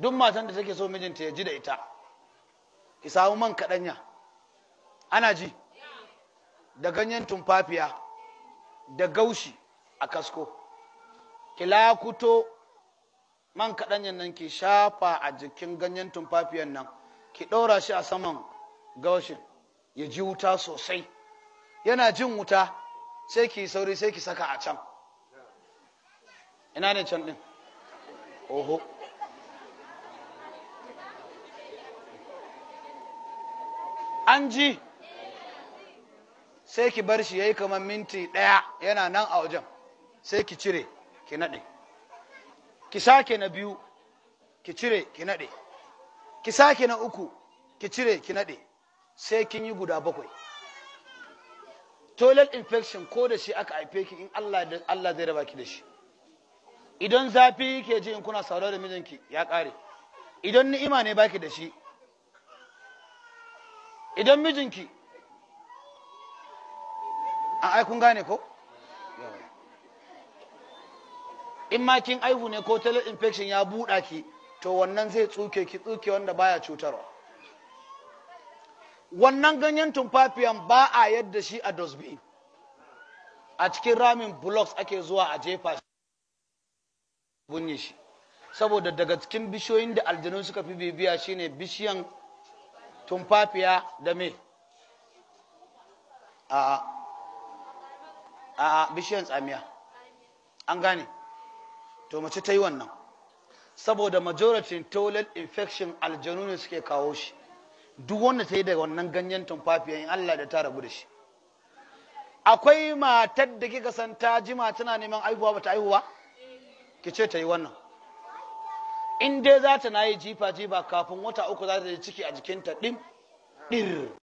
duk matan da take so mijinta ya ji da ita ki samu man kaɗanya ana ji da ganyen tumfafiya da gaushi a kasko ki lakuto man kaɗanyan nan ki shafa a jikin ganyen tumfafiyan nan ki ɗora shi a saman gaushin ya ji wuta sosai yana jin wuta sai ki sauri sai ki saka a can ina ne can ɗin oho an ji sai ki bar shi ya yi kamar minti ɗaya yana nan a wajen sai ki cire ki naɗe ki sake na biyu ki cire ki naɗe ki sake na uku ki cire ki naɗe sai kin yi guda bakwai toilet infection ko da shi aka haife ki in Allah zai raba ki da shi idan zafi ke ji in kuna saurare da mijinki ya ƙare idan ni'ima ne baki da shi idan mijinki a aikun gane ko in ma kin aihu ne ko tele infection ya buɗa ki to wannan zai tsuke ki tsuke wanda baya cutarwa wannan ganyen tumfafiyan ba a yadda shi a dosbi a cikin ramin blocks ake zuwa a jefa shi saboda daga cikin bishiyoyin da aljanu suka fi bibiya shine bishiyan tumfafiya da me a a bishiyan tsamiya an gane to mace ta yi wannan saboda majority toilet infection aljanu ne suke kawo shi duk wanda ta yi daga wannan ganyen tumfafiyan Allah da ta rabu da shi akwai matar da kika san ta jima tana neman aihuwa bata aihuwa ki ce ta yi wannan in dai za ta na yi jifa jifa kafin wata uku za ta yi ciki a jikinta ɗin ɗir